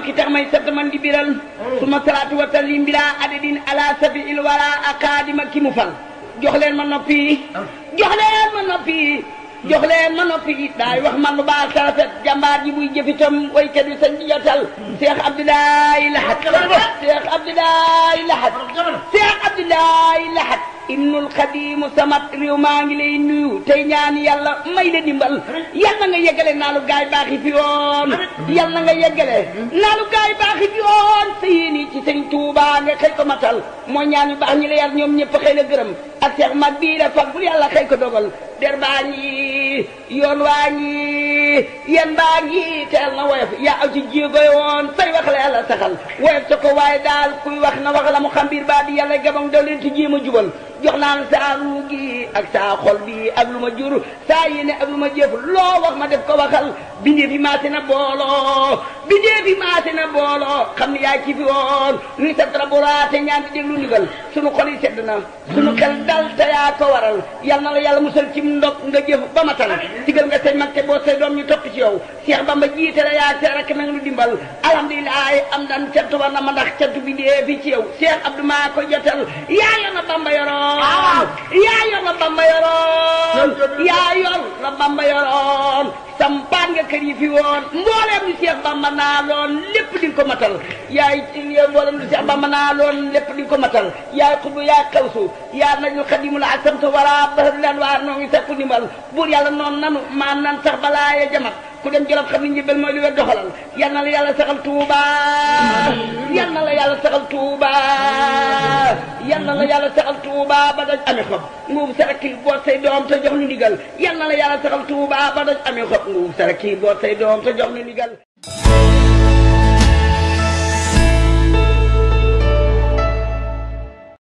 ma ki tax may sant man di biral su ma salaatu wa taslim bila adadin ala sabi il wara akaadima ki mu fal jox leen ma noppi ah. jox leen ma noppi jox leen ma noppi daay wax man lu baax sarafet jàmbaar ji buy jëfitam waykat yi sañ di jotal Cheikh Abdoulaye Lahat Cheikh Abdoulaye Lahat abdullahi lahat ibnul xadimu samat réew maa ngi lay nuyu tey ñaan yàlla may la dimbal yàlla nga yeggale naa lu gaay baaxi fi woon yàlla nga yeggale naa lu gaay baaxi fi woon sa yéene ci sëñ Tuuba nga xëy ko matal moo ñaan yu baax ñi la yar ñoom ñëpp xëy la gërëm ak seex mag bii la fag bul yàlla xëy ko dogal der baa ngi yoon waa ngi yan baa ngi teel na woyof yaa aw ci jéego yoon say wax la yàlla saxal woyof ca ko waaye daal kuy wax na wax la mu xam biir baa di yàlla gabang doo leen ti jéem a jubal jox naan saa ruu gi ak saa xol bi ak lu ma jur saa yéene ak lu ma jëf loo wax ma def ko waxal bindee fi maase na booloo bindee fi maase na booloo xam ni yaa ci fi woon nuy satra boraate ñaan di déglu ndigal sunu xol yi sedd na sunu xel dal te yaa ko waral yal na la yàlla musal ci ndog nga jëf ba matal digal nga say mag te boo say doom ñu topp ci yow Cheikh Bamba jiite la yaa sa rakk nanga dimbal alhamdulilah am dan cant war na ma ndax cant yoroon yaa yor la Bamba yoroon yaa yor la Bamba yoroon sampaan nga kër yi fi woon mbooleem lu Cheikh Bamba naa loon lépp di nga ko matal yaay mbooleem lu Cheikh Bamba naa loon lépp di nga ko matal yaay xubu yaay xawsu yaa najul xadimul asamta wara bahri lan waa noo ngi sakku ndimbal buur yàlla noonu nanu maan nan sax balaa ya ku dem jolof xam ni njëbel li wet doxalal yal na la yàlla la yàlla saxal tuuba yal na la yàlla saxal tuuba ba daj ami xob nguub sarakii boot say doom te jox nu ndigal yal na la yàlla saxal tuuba ba daj ami xob nguub sarakii boot say doom te jox nu ndigal